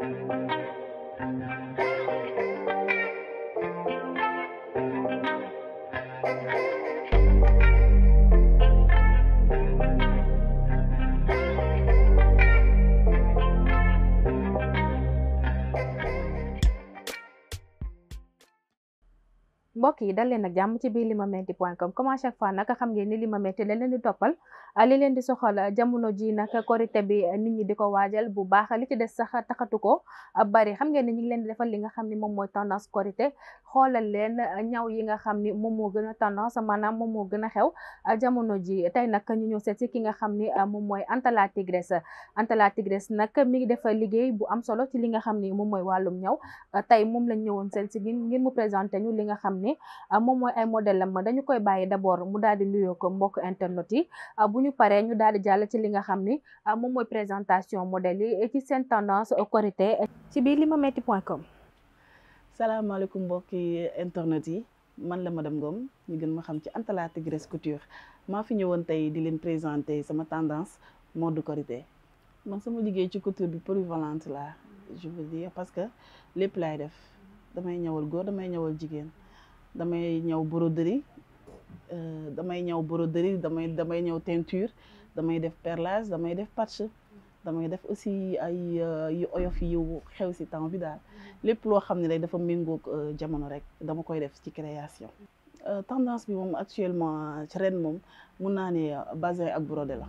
Thank you. mbokk yi dal leen ak jàmm ci biir limametti point comme chaque fois nag xam ngeen ni limametti la leen di toppal li leen di a jamono ji nag korité bi nit ñi di ko waajal li ci des sax taxatu ko bari xam ngeen ni ñu ngi leen di defal li ni moom mooy tendance korité xoolal leen ñaw yi nga xam ni moom moo gën a tendance maanaam moom moo gën a xew jamono ji tey nag ñu ñëw seet si ki nga xam ni moom mooy Anta la Tigresse Anta la Tigresse nag mi ngi def liggéey bu am solo ci li nga xam ni moom mooy wàllum a tey moom lañ ñëwoon seet si ngir Ah, mom moy ay modèle am dañu koy baye d'abord mu daldi di ko mbokk internet yi ah, buñu paré ñu daldi di ci li nga xamni ah, mom moy présentation modèle yi ci sen tendance korité ci bi limametti point com salaamaaleykum mbokki internet yi man la madame Ngom ñu gën ma xam ci Anta La Couture ma fi tay di leen présenter sama tendance mode korité man sama liggéey ci couture bi polyvalente la je veux dire parce que lépp laay def damay ñëwal goor damay ñëwal damay ñëw broderie euh, damay ñëw broderie damay damay ñëw teinture damay def perlage damay def patch damay def aussi ay euh, yu oyof yu xew si temps bi dal. Lepp lo xamni ne rek dafa méngoog euh, jamono rek dama koy def ci création. tendance bi mom actuellement ci ren mom mun basé ne bazin ak brodé la.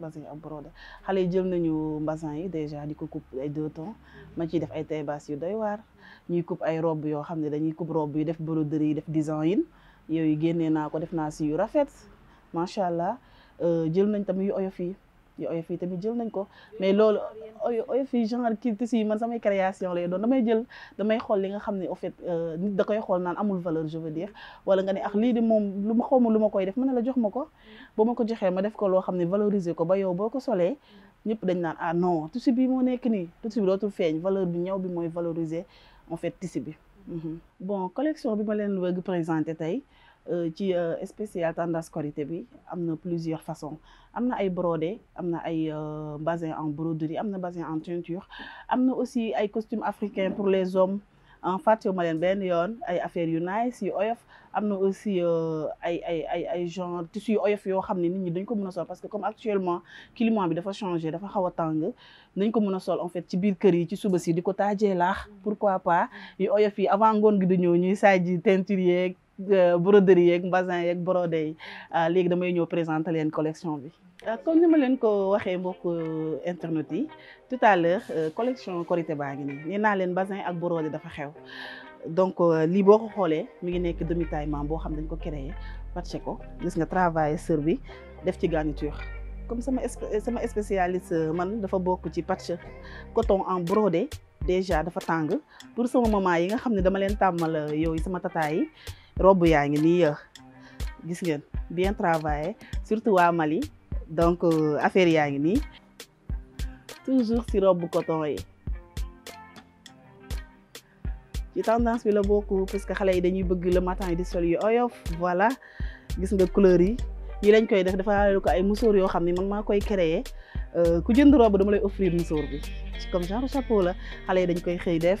basin yi ak brodé xale jël nañu basin yi déjà di ko coupe ay deux tons ma ciy def ay taille yu day waar ñuy coupe ay robe yoo xam ne dañuy coupe robe yu def broderie yi def design yooyu génnee naa ko def naa si yu rafet macha allah euh, jël nañ tamit yu oyof yi yi oyof yi tamit jël nañ ko mais loolu oyof yi genre kii tissu yi man samay création lay doon damay jël damay xool li nga xam ne au fait euh, nit da koy xool naan amul valeur je veux wala nga ne ax ah, lii di moom lu ma xawma lu ma koy def mën na la jox ma ko mm. ba ma ko joxee ma def ko loo xam ne valoriser ko ba yow boo ko solee mm. ñëpp dañ naan ah non tissu bi moo nekk nii tissu bi dootul feeñ valeur bi ñëw bi mooy valoriser en fait tissu bi mm. mm-hmm. bon collection bi ma leen bëgg présenter tey Euh, ci euh, spécial tendance qualité bi amna plusieurs façons amna ay brodé amna na ay euh, basin en broderie amna na en teinture amna aussi ay costumes africains pour les hommes en fatio malen ben yon ay affaire yu nice yu oyof amna aussi ay ay ay ay genre tissu yu oyof yoo xam nit ñi dañ ko mën a sol parce que comme actuellement climat bi dafa changer dafa xawa tang nañ ko mën sol en fait ci biir kër yi ci suba ci diko tajé taajee pourquoi pas yu oyof yi avant ngoon gi de ñëw ñuy saaj teinturier Euh, broderie yeeg bazin yeeg brodé yi euh, léegi damay ñëw présenter leen collection bi. Euh, comme ni ma leen ko waxee mbokk internet yi tout à l'heure collection Korité baa ngi nii nee naa leen bazin ak brodé dafa xew donc lii boo ko xoolee mu ngi nekk demi taillement boo xam dañ ko créé patché ko gis nga travail sër def ci garniture. comme sama sama spécialiste man dafa bokk ci patch coton en brodé déjà dafa tàng pour sama maman yi nga xam ne dama leen tàmmal yooyu sama tata yi. robb yaa ngi nii yëx gis ngeen bien travaillé surtout waa Mali donc euh, affaire yaa ngi nii toujours si robb coton yi ci tendance bi la bokk parce que xale yi dañuy bëgg le matin di sol yu oyof voilà gis nga couleur yi yi lañ koy def dafa ko ay musóor yoo xam ne man maa koy créer euh, ku jënd robe dama lay offrir musóor bi comme genre chapeau la xale yi dañ koy xëy def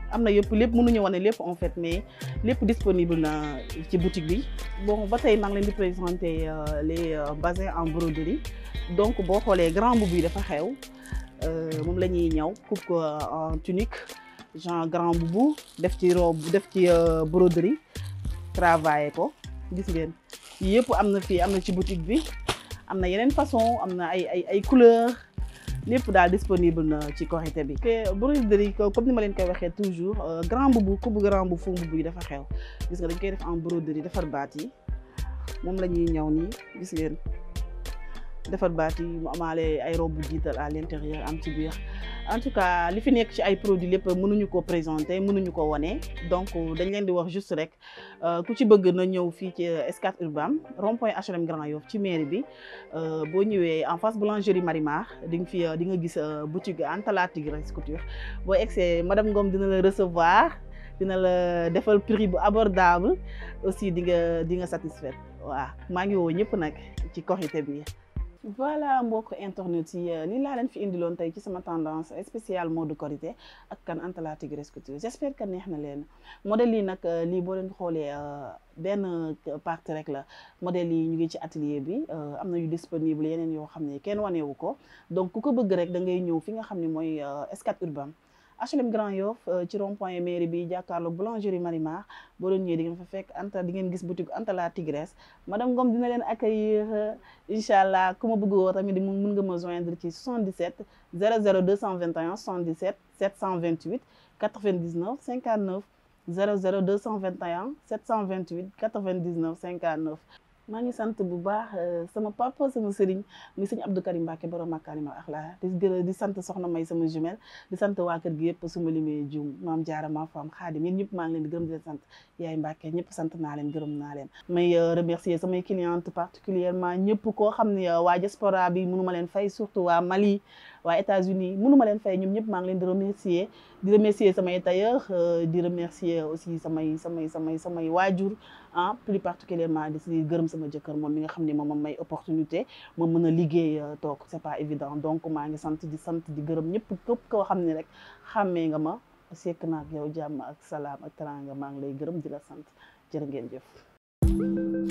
am na yëpp lépp mënuñu wane lépp en fait mais lépp disponible na ci boutique bi bon ba tey maa ngi leen di présenter euh, les euh, basins en broderie donc boo xoolee grand boubou yi dafa xew euh, moom la ñuy ñaw coupe ko en tunique genre grand boubou def ci robe def ci broderie travaillé ko gis ngeen yëpp am na fii am na ci boutique bi am na yeneen façon am na ay ay ay couleurs lépp daal disponible na ci korité bi te broderie comme ni ma leen koy waxee toujours euh, grand boubou ku bu grand boubou fond boubou yi dafa xew gis nga dañ koy def en broderie defar baat yi moom la ñuy ñëw nii gis ngeen defar baat yi mu amaale ay robe bu jiital à l'intérieur am ci biir en tout cas li fi nekk ci ay produit lépp mënuñu ko présenter mënuñu ko wone donc dañ leen di wax juste rek euh, ku ci bëgg na ñëw fii ci euh, Scat Urbam rond-point HLM Grand Yoff ci mairie bi euh, boo ñëwee en face boulangerie Marimar di nga fi di nga gis boutique Antala Tigre Couture boo egsee madame Ngom dina la recevoir dina la defal prix bu abordable aussi di nga di nga satisfaite waaw maa ngi woo ñëpp nag ci korité voilà mbokk internet yi euh, li laa leen fi indiloon tey ci sama tendance spéciale mode korité ak kan Anta Latyr Grece Couture j'espère que neex na leen modèle yi nag euh, lii boo leen xoolee euh, benn partie rek la modèle yi ñu ngi ci atelier bi am na yu disponible yeneen yoo xam ne kenn wanewu ko donc ku ko bëgg rek da ngay ñëw fi nga xam ni mooy Scat Urbam HLM Grand Yoff euh, ci rond point mairie bi jakarlo boulangerie Marimar Boulogne, doon ñëwee di nga fa fekk Anta di ngeen gis boutique Anta la Tigresse madame Ngom dina leen accueillir euh, inshallah, kuma ku bëgg 77 00 77 728 99 59 00 728 99 59. maa ngi sant bu baax euh, sama papa sama sëriñ muy sëñ Abdou Karim Mbacke borom Makarimal Akhlaq a gërëm di sant soxna May sama jumelle di sant waa kër gi yëpp su ma limee juum maam jaara maa faam xaadim yéen ñëpp maa ngi leen di gërëm di leen sant yaay Mbacke ñëpp sant naa leen gërëm naa leen may euh, remercier samay cliente particulièrement ñëpp koo xam ne euh, waa diaspora bi mënuma leen fay surtout waa Mali wa États-Unis mënuma len fay ñom ñep ma ngi len di remercier di remercier sama tailleur euh, di remercier aussi sama sama sama sama wajur ah plus particulièrement di si gërëm sama jëkkeur mom mi nga xamni mom may opportunité mom mëna a liggéey euh, tok c'est pas évident donc ma ngi sante di sante di gërëm ñep kep ko xamni rek xamé nga ma sék naa ak yow jamm ak salam ak teraanga ma ngi lay gërëm di la sant jëf Thank you.